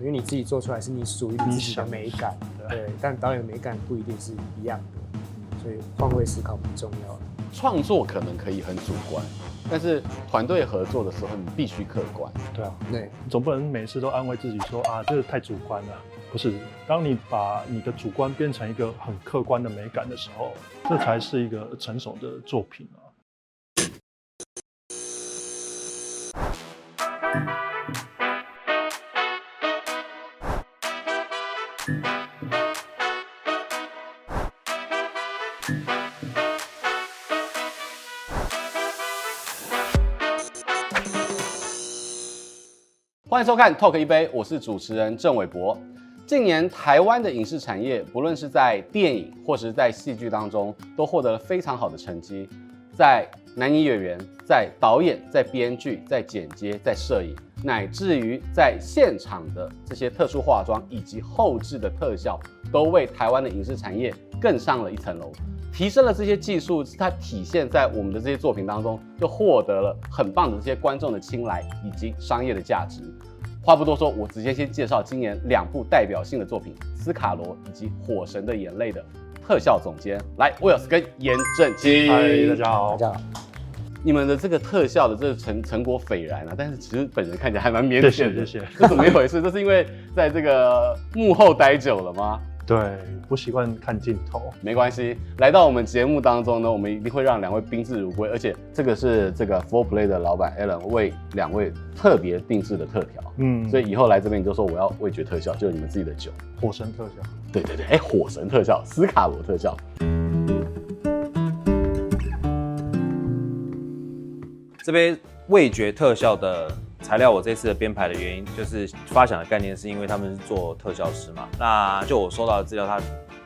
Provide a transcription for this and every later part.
因為你自己做出來是你屬於自己的美感，對，對。但導演美感不一定是一樣的，所以換位思考很重要。創作可能可以很主觀，但是團隊合作的時候，你必須客觀。對啊，對。總不能每次都安慰自己說啊，這個太主觀了。不是，當你把你的主觀變成一個很客觀的美感的時候，這才是一個成熟的作品啊。嗯歡迎收看《Talk 一杯》，我是主持人鄭偉博。近年台灣的影視產業，不論是在電影或是在戲劇當中，都獲得了非常好的成績，在男女演員、在導演、在編劇、在剪接、在攝影。乃至於在現場的這些特殊化妝以及後製的特效，都為台灣的影視產業更上了一層樓，提升了這些技術。是它體現在我們的這些作品當中，就獲得了很棒的這些觀眾的青睞以及商業的價值。話不多說，我直接先介紹今年兩部代表性的作品《斯卡羅》以及《火神的眼淚》的特效總監。來，Wells 跟嚴振欽。嗨，大家好。大家好。你們的這個特效的這個成成果斐然啊，但是其實本人看起來還蠻靦腆的，這是怎麼一回事？ 這是因為在這個幕後待久了嗎？對，不習慣看鏡頭，沒關係。來到我們節目當中呢，我們一定會讓兩位賓至如歸。而且這個是這個 Four Play 的老板 Alan 為兩位特別定制的特調，嗯，所以以後來這邊你就說我要味覺特效，就是你們自己的酒，火神特效，對對對，哎、欸，火神特效，斯卡羅特效。嗯這杯視覺特效的材料，我這次的編排的原因，就是發想的概念，是因為他們是做特效師嘛。那就我收到的資料，他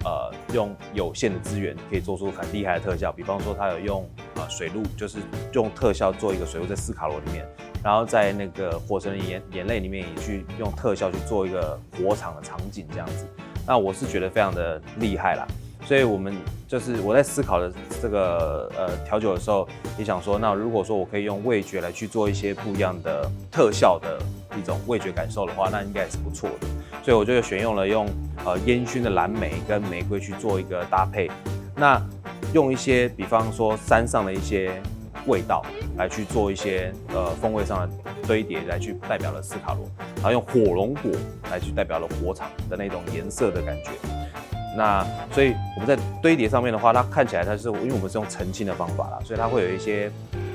呃用有限的資源可以做出很厲害的特效，比方說他有用啊水路，就是用特效做一個水路在斯卡羅裡面，然後在那個火神的眼眼淚裡面也去用特效去做一個火場的場景這樣子。那我是覺得非常的厲害啦。所以，我們就是我在思考的這個呃調酒的時候，也想說，那如果說我可以用味覺來去做一些不一樣的特效的一種味覺感受的話，那應該也是不錯的。所以我就選用了用呃煙燻的藍莓跟玫瑰去做一個搭配，那用一些比方說山上的一些味道來去做一些呃風味上的堆疊，來去代表了斯卡羅，然後用火龍果來去代表了火場的那種顏色的感覺。那所以我們在堆疊上面的話，它看起來它是因為我們是用澄清的方法啦，所以它會有一些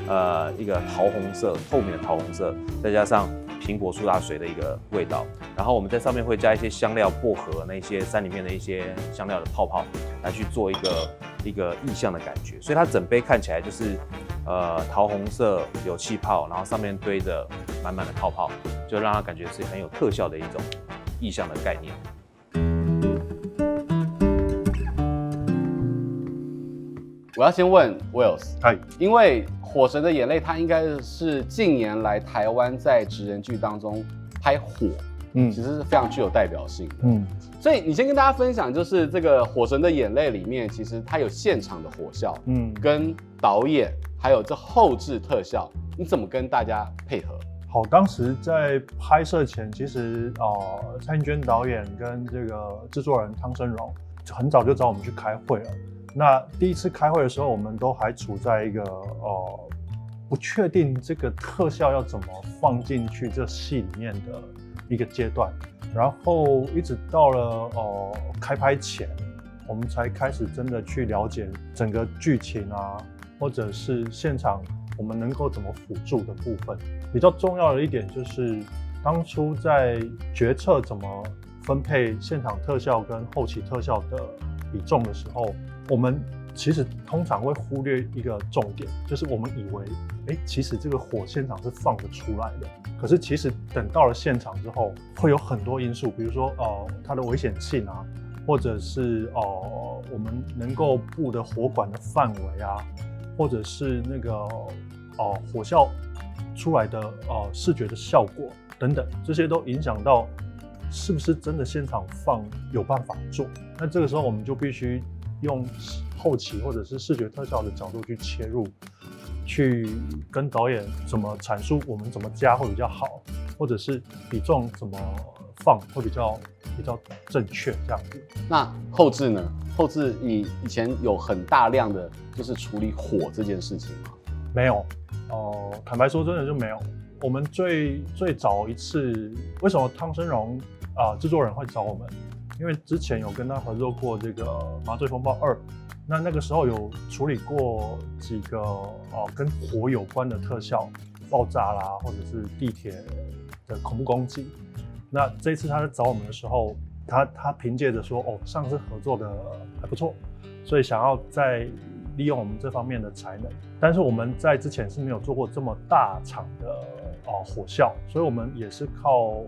呃一個桃紅色，透明的桃紅色，再加上蘋果蘇打水的一個味道。然後我們在上面會加一些香料、薄荷那一些山裡面的一些香料的泡泡，來去做一個一個意象的感覺。所以它整杯看起來就是呃桃紅色有氣泡，然後上面堆着滿滿的泡泡，就讓它感覺是很有特效的一種意象的概念。我要先問 Wells 哎，因為《火神的眼淚》它應該是近年來台灣在職人劇當中拍火，嗯，其實是非常具有代表性的，嗯，所以你先跟大家分享，就是這個《火神的眼淚》裡面，其實它有現場的火效，嗯，跟導演還有這後製特效，你怎麼跟大家配合？好，當時在拍攝前，其實啊、呃，蔡銀娟導演跟這個制作人湯昇榮很早就找我們去開會了。那第一次開會的時候，我們都還處在一個呃不確定這個特效要怎麼放進去這戲裡面的一個階段。然後一直到了呃開拍前，我們才開始真的去了解整個劇情啊，或者是現場我們能夠怎麼輔助的部分。比較重要的一點就是，當初在決策怎麼分配現場特效跟後期特效的比重的時候。我們其實通常會忽略一個重點，就是我們以為，哎，其實這個火現場是放得出來的。可是，其實等到了現場之後，會有很多因素，比如說，呃，它的危險性啊，或者是，哦、呃，我們能夠布的火管的範圍啊，或者是那個，哦、呃，火效出來的，呃，視覺的效果等等，這些都影響到是不是真的現場放有辦法做。那這個時候我們就必須，用後期或者是視覺特效的角度去切入，去跟導演怎麼闡述，我們怎麼加會比較好，或者是比重怎麼放會比較比較正確這樣子。那後製呢？後製你以前有很大量的就是處理火這件事情嗎？沒有，哦、呃，坦白說真的就沒有。我們最最早一次為什麼湯昇榮啊、呃、制作人會找我們？因為之前有跟他合作過這個《麻醉風暴二》，那那個時候有處理過幾個呃跟火有關的特效，爆炸啦，或者是地鐵的恐怖攻擊。那這一次他在找我們的時候，他他憑借着說，哦，上次合作的還不錯，所以想要再利用我們這方面的才能。但是我們在之前是沒有做過這麼大場的啊呃火效，所以我們也是靠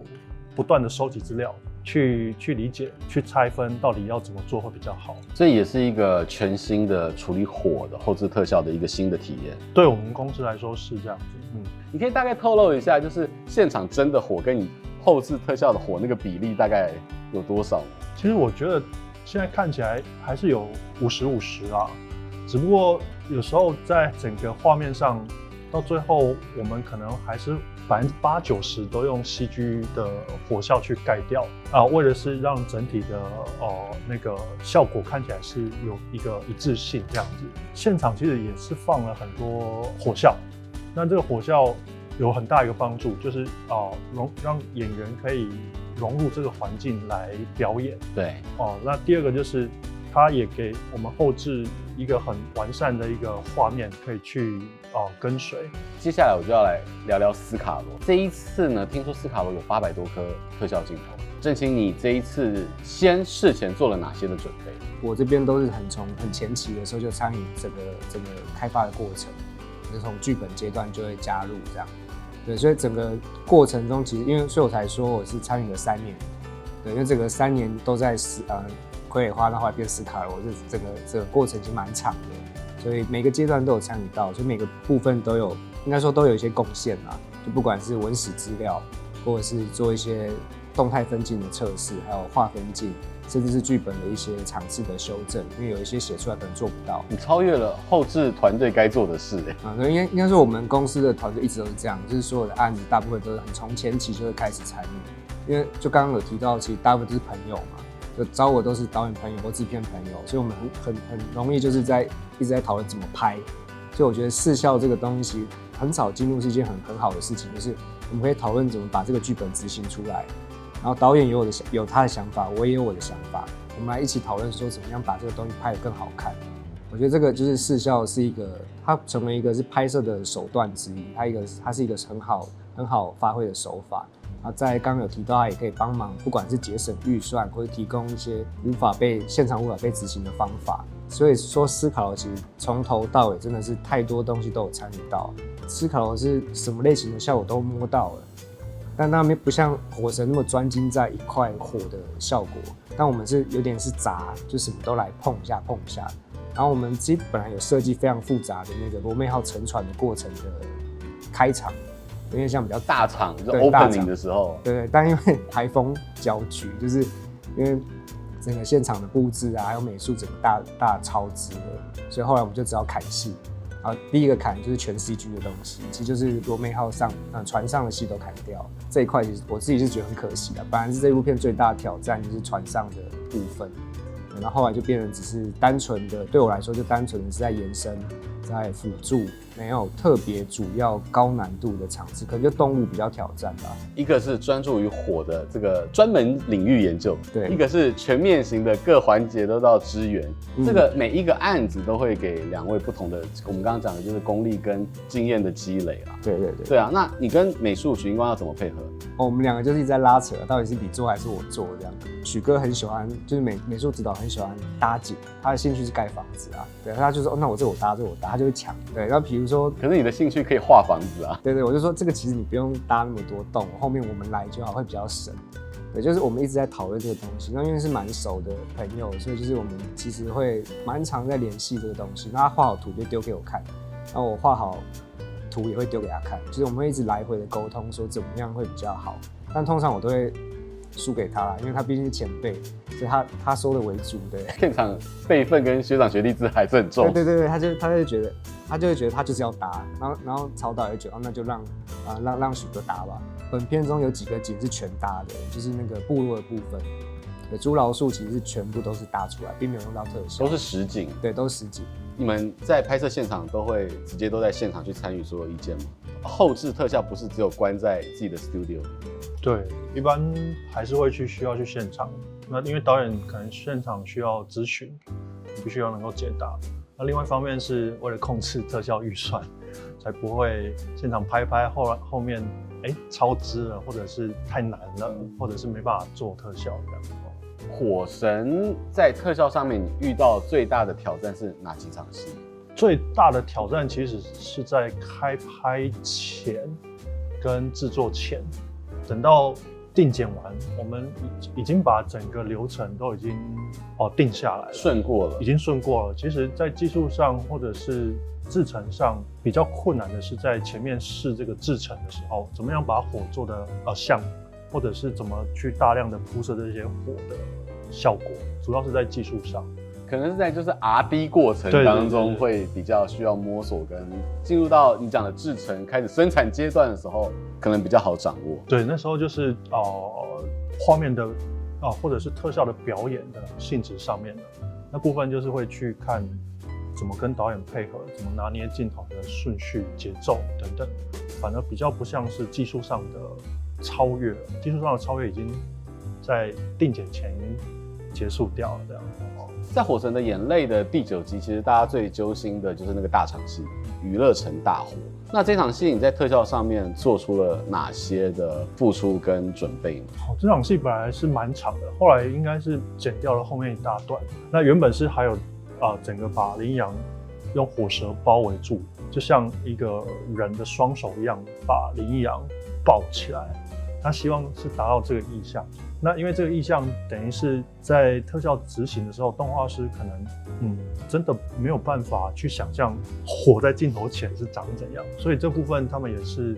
不斷的收集資料。去去理解，去拆分，到底要怎麼做會比較好？這也是一個全新的處理火的後製特效的一個新的體驗。對我們公司來說是這樣子。嗯，你可以大概透露一下，就是現場真的火跟你後製特效的火那個比例大概有多少？其實我覺得現在看起來還是有五十五十啊，只不過有時候在整個畫面上。到最後，我們可能還是百分之八九十，都用 CG 的火效去蓋掉啊，呃，為的是讓整體的哦，呃、那個效果看起來是有一個一致性這樣子。現場其實也是放了很多火效，那這個火效有很大一個幫助，就是啊融，呃、讓演員可以融入這個環境來表演。對，哦，呃，那第二個就是。它也給我們後製一個很完善的一個畫面，可以去啊、呃、跟隨。接下來我就要來聊聊斯卡羅。這一次呢，聽說斯卡羅有八百多顆特效鏡頭。振欽，你這一次先事前做了哪些的準備？我這邊都是很從很前期的時候就參與整個整個開發的過程，就從劇本階段就會加入這樣。對，所以整個過程中其實因為，所以我才說我是參與了三年。對，因為整個三年都在是啊。呃所以到後來變斯卡羅，我這整個這個過程其實蠻長的，所以每個階段都有參與到，所以每個部分都有，應該說都有一些貢獻啦，就不管是文史資料，或者是做一些動態分鏡的測試，還有畫分鏡，甚至是劇本的一些場次的修正，因為有一些寫出來可能做不到。你超越了後製團隊該做的事誒、嗯。應該應該是我們公司的團隊一直都是這樣，就是所有的案子大部分都是很從前期就會開始參與，因為就剛剛有提到，其實大部分都是朋友嘛。就找我都是導演朋友或制片朋友，所以我們很很很容易就是在一直在討論怎麼拍。所以我覺得視效這個東西很少進入是一件很很好的事情，就是我們可以討論怎麼把這個劇本執行出來。然後導演有我的想有他的想法，我也有我的想法，我們來一起討論說怎麼樣把這個東西拍得更好看。我覺得這個就是視效是一個，它成為一個是拍攝的手段之一，它一個它是一個很好很好發揮的手法。在剛剛有提到，他也可以幫忙，不管是節省預算，或者提供一些無法被現場無法被執行的方法。所以說，斯卡羅其實從頭到尾真的是太多東西都有參與到，斯卡羅是什麼類型的效果都摸到了。但那邊不像火神那麼專精在一塊火的效果，但我們是有點是雜，就什麼都來碰一下碰一下。然後我們其實本來有設計非常複雜的那個羅妹號沉船的過程的開場。因為像比較大，大場就 opening 大場的時候，對，但因為颱風，攪局，就是因為整個現場的布置啊，還有美術，整個大大超支的，所以後來我們就只好砍戲。啊，第一個砍就是全 CG 的東西，其實就是羅妹號上，呃，船上的戲都砍掉。這一塊其實我自己是覺得很可惜的，本來是這一部片最大的挑戰就是船上的部分，然後後來就變成只是單純的，對我來說就單純的是在延伸，在輔助。沒有特別主要高難度的場次，可能就動物比較挑戰吧。一個是專注於火的這個專門領域研究，對；一個是全面型的，各環節都到支援、嗯。這個每一個案子都會給兩位不同的，我們剛剛講的就是功力跟經驗的積累啦、啊。對對對。對啊，那你跟美術許云光要怎麼配合？哦，我們兩個就是一直在拉扯，到底是你做還是我做這樣。許哥很喜歡，就是美美術指導很喜歡搭景，他的興趣是蓋房子啊。對，他就是說，哦，那我這我搭，這我搭，他就會搶。對，然後比如。比如說，可是你的興趣可以畫房子啊。對，對對，我就說這個其實你不用搭那麼多棟，後面我們來就好，會比較省。對，就是我們一直在討論這個東西，那因為是蠻熟的朋友，所以就是我們其實會蠻常在聯繫這個東西。他畫好圖就丟給我看，那我畫好圖也會丟給他看，就是我們會一直來回的溝通，說怎麼樣會比較好。但通常我都會。輸給他了，因為他畢竟是前輩，所以他他說的為主。對，現場輩分跟學長學弟制還是很重。對對對，他就他就覺得，他就會覺得他就是要搭。然後然後曹導也覺得，哦，那就讓，呃，讓讓許哥搭吧。本片中有幾個景是全搭的，就是那個部落的部分。對，豬朥束其實是全部都是搭出來，並沒有用到特效。都是實景。對，都是實景。你們在拍攝現場都會直接都在現場去參與所有意見嗎？後置特效不是只有關在自己的 studio，對，一般還是會去需要去現場。那因為導演可能現場需要諮詢，你必須要能夠解答。那另外一方面是為了控制特效預算，才不會現場拍拍後後面哎、欸、超支了，或者是太難了，或者是沒辦法做特效這樣。火神在特效上面，你遇到最大的挑戰是哪幾場戲？最大的挑戰其實是在開拍前跟制作前，等到定剪完，我們已已經把整個流程都已經哦、呃、定下來了，順過了，已經順過了。其實，在技術上或者是制程上比較困難的是在前面試這個制程的時候，怎麼樣把火做得呃像，或者是怎麼去大量的鋪設這些火的。效果主要是在技術上，可能是在就是 R&D 過程當中會比較需要摸索，跟進入到你講的制程開始生產階段的時候，可能比較好掌握。對，那時候就是呃畫面的，啊、呃、或者是特效的表演的性質上面的那部分，就是會去看怎麼跟導演配合，怎麼拿捏鏡頭的順序、節奏等等，反而比較不像是技術上的超越，技術上的超越已經。在定剪前已經結束掉了。這樣哦，在《火神的眼淚》的第九集，其實大家最揪心的就是那個大場戲——娛樂城大火。那這場戲你在特效上面做出了哪些的付出跟準備嗎？好，這場戲本來是蠻長的，後來應該是剪掉了後面一大段。那原本是還有啊、呃，整個把林陽用火舌包圍住，就像一個人的雙手一樣把林陽抱起來。他希望是達到這個意象。那因為這個意象等於是在特效執行的時候，動畫師可能嗯真的沒有辦法去想象，火在鏡頭前是長怎樣，所以這部分他們也是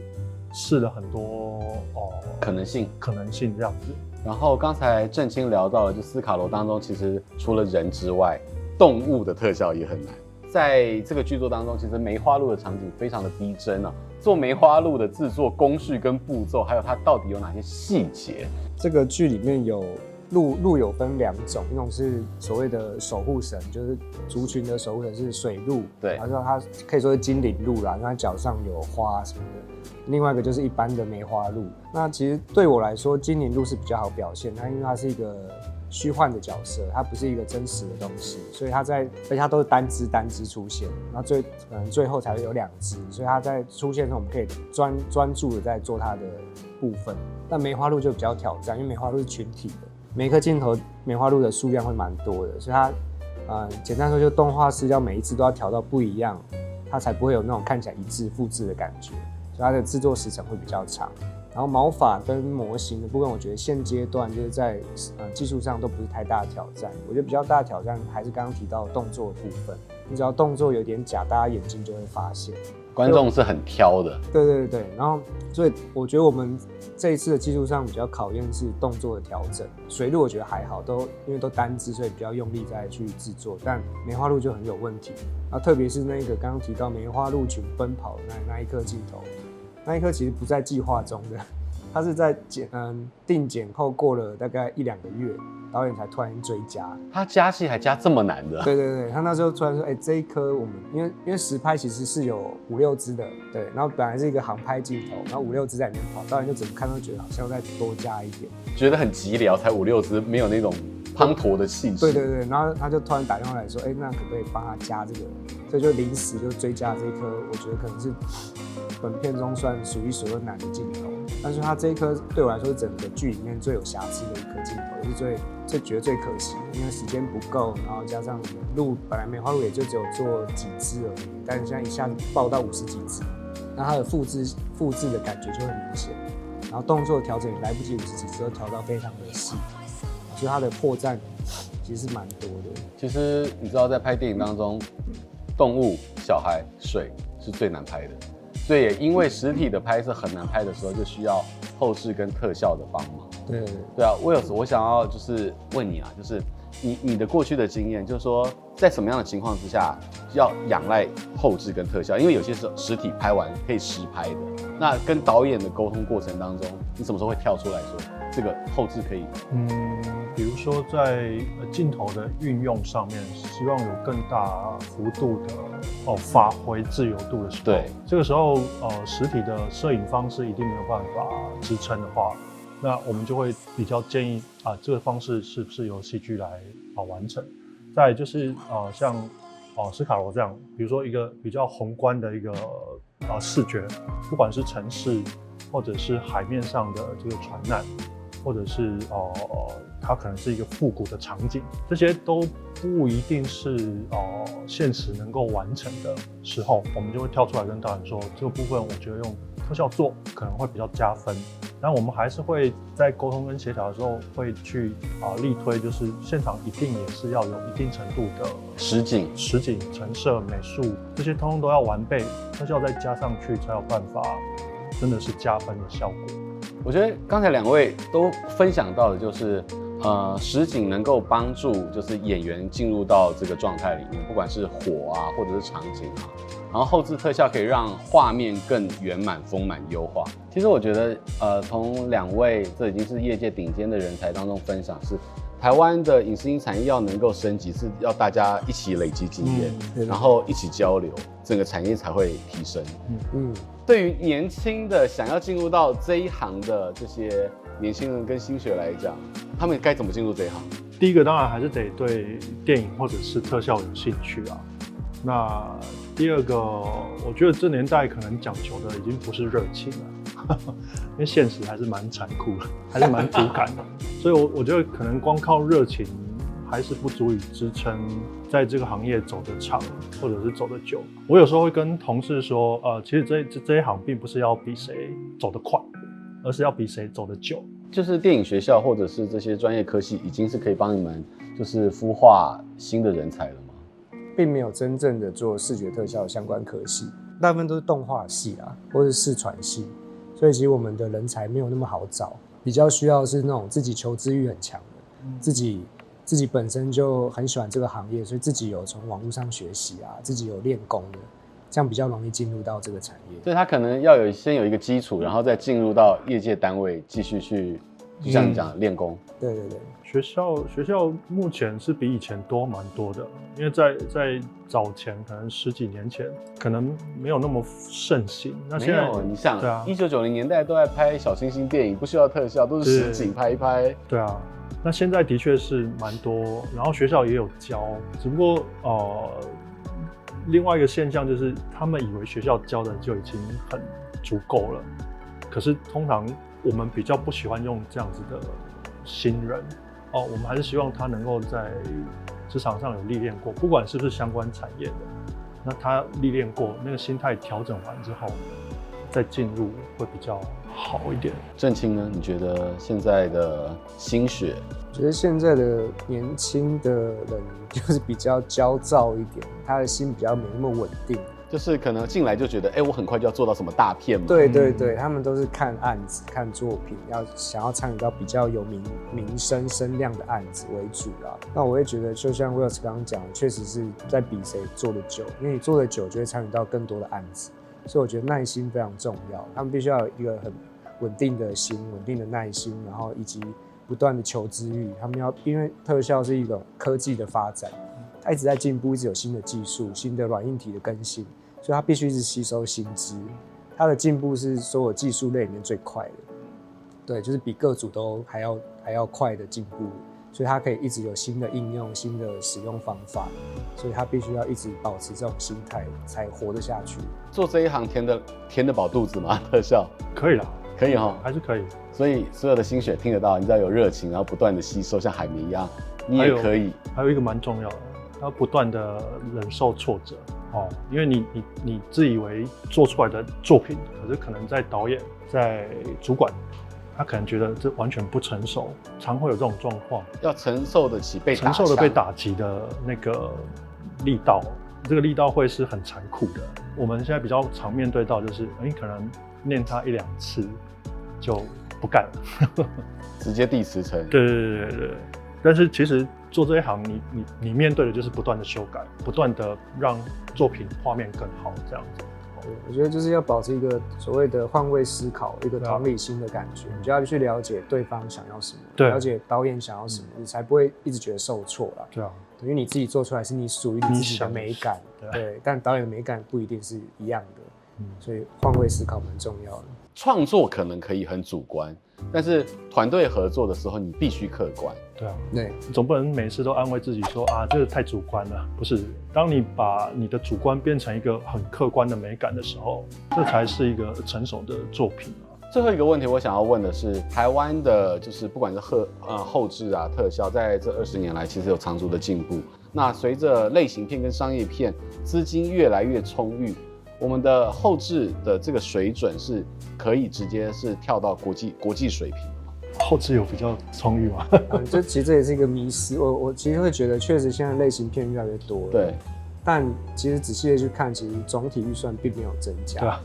試了很多哦、呃、可能性可能性這樣子。然後剛才鄭青聊到了，就斯卡羅當中其實除了人之外，動物的特效也很難。在這個劇作當中，其實梅花鹿的場景非常的逼真啊。做梅花鹿的制作工序跟步驟，還有它到底有哪些細節？這個劇裡面有鹿，鹿有分兩種，一種是所謂的守護神，就是族群的守護神是水鹿，對，然後它可以說是精靈鹿啦，然後它腳上有花什麼的。另外一個就是一般的梅花鹿，那其實對我來說，金鱗鹿是比較好表現。它因為它是一個虛幻的角色，它不是一個真實的東西，嗯、所以它在而且它都是單隻單隻出現，那最嗯最後才會有兩隻，所以它在出現的時候，我們可以專專注的在做它的部分。但梅花鹿就比較挑戰，因為梅花鹿是群體的，每一顆鏡頭梅花鹿的數量會蠻多的，所以它、嗯、簡單說，就是動畫師要每一隻都要調到不一樣，它才不會有那種看起來一致複製的感覺。它的制作時長會比較長，然後毛髮跟模型的部分，我覺得現階段就是在呃技術上都不是太大的挑戰。我覺得比較大的挑戰還是剛剛提到的動作的部分，你只要動作有點假，大家眼睛就會發現。觀眾是很挑的。對對對對，然後所以我覺得我們這一次的技術上比較考驗是動作的調整。水鹿我覺得還好，都因為都單只，所以比較用力再去制作，但梅花鹿就很有問題。然後，啊，特別是那個剛剛提到梅花鹿群奔跑的那那一顆鏡頭。那一顆其實不在計劃中的，它是在剪嗯、呃、定剪後過了大概一兩個月，導演才突然追加。他加戲還加這麼難的？啊？對對對，他那時候突然說：“哎、欸，這一顆我們因為因為實拍其實是有五六隻的，對，然後本來是一個航拍鏡頭，然後五六隻在裡面跑，導演就怎麼看都覺得好像再多加一點，覺得很寂寥，才五六隻，沒有那種滂沱的氣息。對對對，然後他就突然打電話來說：“哎、欸，那可不可以幫他加這個？”所以就臨時就追加這一顆，我覺得可能是本片中算數一數二難的鏡頭，但是它這一顆對我來說是整個劇裡面最有瑕疵的一顆鏡頭，也是最最覺得最可惜，因為時間不夠，然後加上鹿，本來梅花鹿也就只有做幾隻而已，但是現在一下子爆到五十幾隻，那它的複製複製的感覺就會很明顯，然後動作調整也來不及，五十幾隻都調到非常的細。所以它的破綻其實是蠻多的。其實你知道，在拍電影當中，動物、小孩、水是最難拍的。對，因為實體的拍攝很難拍的時候，就需要後製、跟特效的幫忙。對，對，對，對啊，我有我想要就是問你啊，就是你你的過去的經驗，就是說在什麼樣的情況之下要仰賴後製跟特效？因為有些時候實體拍完可以實拍的，那跟導演的溝通過程當中，你什麼時候會跳出來說這個後製可以？嗯。說在鏡頭的運用上面，希望有更大幅度的哦發揮自由度的時候，對，這個時候呃實體的攝影方式一定沒有辦法支撐的話，那我們就會比較建議啊、呃、這個方式是不是由 CG 來啊、呃、完成。再來，就是呃像哦、呃、斯卡羅這樣，比如說一個比較宏觀的一個啊、呃、視覺，不管是城市或者是海面上的這個船難。或者是呃，它可能是一個復古的場景，這些都不一定是呃現實能夠完成的時候，我們就會跳出來跟導演說，這個部分我覺得用特效做可能會比較加分。但我們還是會在溝通跟協調的時候，會去啊、呃、力推，就是現場一定也是要有一定程度的實景、實景、陳設、美術，這些，通通都要完備，特效再加上去才有辦法，真的是加分的效果。我覺得剛才兩位都分享到的，就是，呃，實景能夠幫助，就是演員進入到這個狀態裡面，不管是火啊，或者是場景啊，然後後置特效可以讓畫面更圓滿、豐滿、優化。其實我覺得，呃，從兩位這已經是業界頂尖的人才當中分享是，是台灣的影視音產業要能夠升級，是要大家一起累積經驗，然後一起交流，嗯，整個產業才會提升。嗯嗯。對於年輕的想要進入到這一行的這些年輕人跟新血來講，他們該怎麼進入這一行？第一個當然還是得對電影或者是特效有興趣啊。那第二個，我覺得這年代可能講求的已經不是熱情了，呵呵，因為現實還是蠻殘酷的，還是蠻骨感的。 所以我，我我覺得可能光靠熱情還是不足以支撐。在這個行業走得長，或者是走得久，我有時候會跟同事說，呃，其實這這一行並不是要比誰走得快，而是要比誰走得久。就是電影學校或者是這些專業科系，已經是可以幫你們就是孵化新的人才了嗎？並沒有真正的做視覺特效的相關科系，大部分都是動畫系啊，或者是視傳系，所以其實我們的人才沒有那麼好找，比較需要的是那種自己求知慾很強的，自己。自己本身就很喜歡這個行業，所以自己有從網絡上學習啊，自己有練功的，這樣比較容易進入到這個產業。所以他可能要有先有一個基礎，然後再進入到業界單位繼續去，就像你講的練功、嗯。對對對，學校學校目前是比以前多蠻多的，因為在在早前可能十幾年前可能沒有那麼盛行。那現在你像對啊，一九九零年代都在拍小星星電影，不需要特效，都是實景拍一拍。對啊。那現在的確是蠻多，然後學校也有教，只不過呃，另外一個現象就是他們以為學校教的就已經很足夠了。可是通常我們比較不喜歡用這樣子的新人哦，我們還是希望他能夠在職場上有歷練過，不管是不是相關產業的，那他歷練過，那個心態調整完之後再進入會比較。好一點，振欽呢？你覺得現在的新血？我覺得現在的年輕的人就是比較焦躁一點，他的心比較沒那麼穩定。就是可能進來就覺得，哎、欸，我很快就要做到什麼大片嘛。對對對，嗯、他們都是看案子、看作品，要想要參與到比較有名名聲聲量的案子為主啊。那我也覺得，就像 Wells 剛剛講的，確實是在比誰做的久，因為你做的久，就會參與到更多的案子。所以我覺得耐心非常重要，他們必須要有一個很穩定的心，穩定的耐心，然後以及不斷的求知欲。他們要，因為特效是一種科技的發展，它一直在進步，一直有新的技術、新的軟硬體的更新，所以它必須是吸收新知。它的進步是所有技術類裡面最快的，對，就是比各組都還要還要快的進步。所以它可以一直有新的應用、新的使用方法，所以它必須要一直保持這種心態才活得下去。做這一行填得填得飽肚子嗎？特效可以啦，可以齁，還是可以。所以所有的心血聽得到，你只要有熱情，然後不斷的吸收，像海綿一樣，你也可以。還有，還有一個蠻重要的，要不斷的忍受挫折哦，因為你你你自以為做出來的作品，可是可能在導演，在主管。他可能覺得這完全不成熟，常會有這種狀況。要承受得起被打承受的被打擊的那個力道，這個力道會是很殘酷的。我們現在比較常面對到就是，你、嗯、可能念他一兩次就不幹了， 直接第十層。對對對對對。但是其實做這一行，你你你面對的就是不斷的修改，不斷的讓作品畫面更好這樣子。我覺得就是要保持一個所謂的換位思考，一個同理心的感覺。啊、你就要去了解對方想要什麼，對，了解導演想要什麼，你、嗯、才不會一直覺得受挫了。對啊，因為你自己做出來是你屬於你自己的美感，對，對。但導演的美感不一定是一樣的，嗯、所以換位思考蠻重要的。創作可能可以很主觀，但是團隊合作的時候，你必須客觀。對啊，那總不能每次都安慰自己說啊，這個太主觀了。不是，當你把你的主觀變成一個很客觀的美感的時候，這才是一個成熟的作品啊。最後一個問題，我想要問的是，台灣的就是不管是後呃後製啊特效，在這二十年來其實有長足的進步。那隨着類型片跟商業片資金越來越充裕，我們的後製的這個水準是可以直接是跳到國際國際水平。後製有比較充裕嗎？這、啊、其實這也是一個迷思。我我其實會覺得，確實現在類型片越來越多了。對，但其實仔細的去看，其實總體預算並沒有增加。對，啊、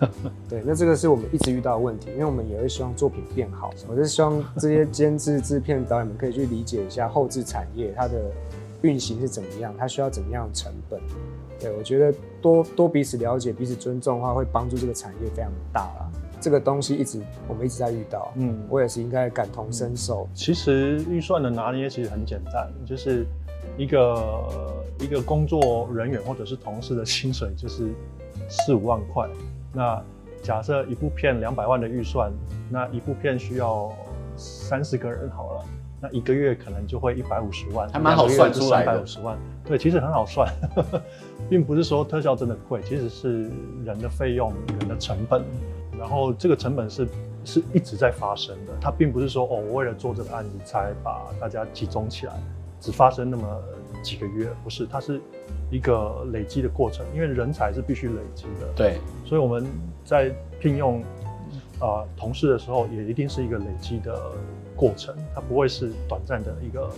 對，那這個是我們一直遇到的問題，因為我們也會希望作品變好。我就希望這些監製制片導演們可以去理解一下後製產業它的運行是怎麼樣，它需要怎麼樣的成本。對，我覺得多多彼此了解、彼此尊重的話，會幫助這個產業非常的大啊。這個東西一直我們一直在遇到，嗯，我也是應該感同身受。其實預算的拿捏其實很簡單，就是一個、呃、一個工作人員或者是同事的薪水就是四五萬塊。那假設一部片兩百萬的預算，那一部片需要三十個人好了，那一個月可能就會一百五十萬，還蠻好算出來的。一百五十萬，對，其實很好算，呵呵，並不是說特效真的貴，其實是人的費用，人的成本。然後這個成本是是一直在發生的，它並不是說哦，我為了做這個案子才把大家集中起來，只發生那麼幾個月，不是，它是，一個累積的過程，因為人才是必須累積的。對，所以我們在聘用，啊、呃，同事的時候也一定是一個累積的過程，它不會是短暫的一個。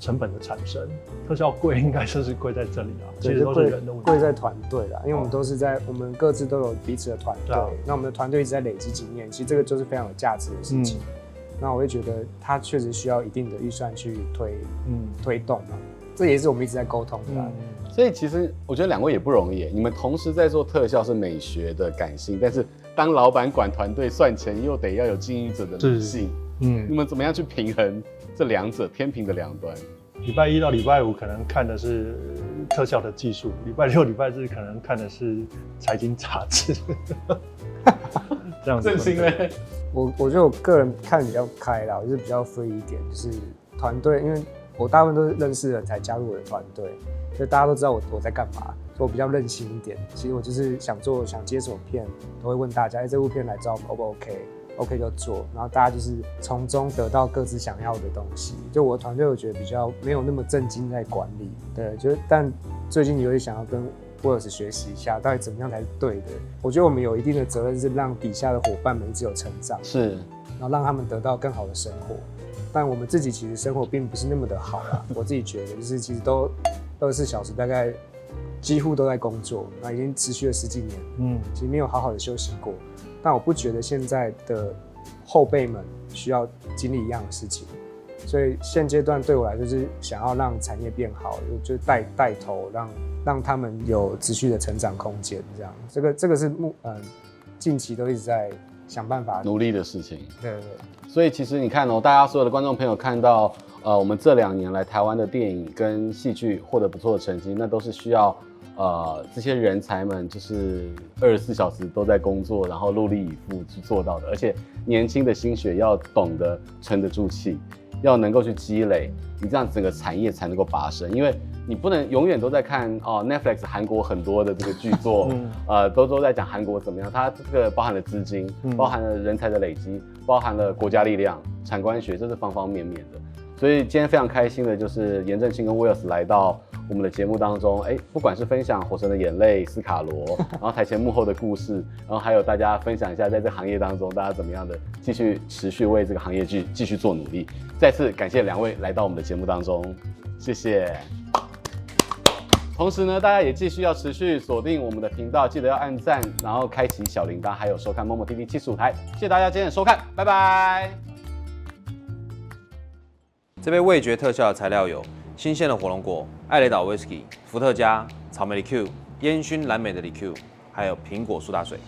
成本的產生，特效貴應該就是貴在這裡了、嗯，其實都是貴貴在團隊了，因為我們都是在、哦、我們各自都有彼此的團隊、啊，那我們的團隊一直在累積經驗，其實這個就是非常有價值的事情、嗯。那我會覺得它確實需要一定的預算去推嗯推動這也是我們一直在溝通的、啊嗯。所以其實我覺得兩位也不容易，你們同時在做特效是美學的感性，但是當老板管團隊算錢又得要有經營者的自信。嗯，你們怎麼樣去平衡？這兩者天平的兩端。禮拜一到禮拜五可能看的是、呃、特效的技術，禮拜六、禮拜日可能看的是財經雜誌。 這樣子。我我覺得我個人看比較開啦，我就是比較 free 一點，就是團隊，因為我大部分都是認識的人才加入我的團隊，所以大家都知道我我在幹嘛，所以我比較任性一點。其實我就是想做，想接什麼片都會問大家，哎、欸，這部片來找我們 O 不 OK？OK 就做，然後大家就是從中得到各自想要的東西。就我的團隊，我覺得比較沒有那麼正經在管理。對，就但最近有點想要跟 Wells 學習一下，到底怎麼樣才是對的。我覺得我們有一定的責任是讓底下的夥伴們一直有成長，是，然後讓他們得到更好的生活。但我們自己其實生活並不是那麼的好啊。 我自己覺得就是其實都二十四小時大概幾乎都在工作，那已經持續了十幾年，嗯，其實沒有好好的休息過。但我不覺得現在的後輩們需要經歷一樣的事情，所以現階段對我來說是想要讓產業變好就帶，就帶帶頭讓讓他們有持續的成長空間。這樣、這個、這個這個是目嗯近期都一直在想辦法努力的事情。對對、對。所以其實你看哦，大家所有的觀眾朋友看到呃我們這兩年來台灣的電影跟戲劇獲得不錯的成績，那都是需要。呃，這些人才們就是二十四小時都在工作，然後全力以赴去做到的。而且年輕的新血要懂得沉得住氣，要能夠去積累，你這樣整個產業才能夠拔升。因為你不能永遠都在看哦、呃、Netflix，韓國很多的這個劇作， 呃，都都在講韓國怎麼樣。它這個包含了資金，包含了人才的累積，嗯、包含了國家力量、產官學，這是方方面面的。所以今天非常開心的就是嚴振欽跟 Wells 來到我們的節目當中，哎、欸，不管是分享《火神的眼淚》、斯卡羅，然後台前幕後的故事，然後還有大家分享一下，在這行業當中大家怎麼樣的繼續持續為這個行業去繼續做努力。再次感謝兩位來到我們的節目當中，謝謝。同時呢，大家也繼續要持續鎖定我們的頻道，記得要按讚，然後開啟小鈴鐺，還有收看 MOMO TV 75台。謝謝大家今天的收看，拜拜。這杯味覺特效的材料有新鮮的火龍果、艾雷島威士忌、伏特加、草莓里 Q、煙熏藍莓的里 Q，還有蘋果蘇打水。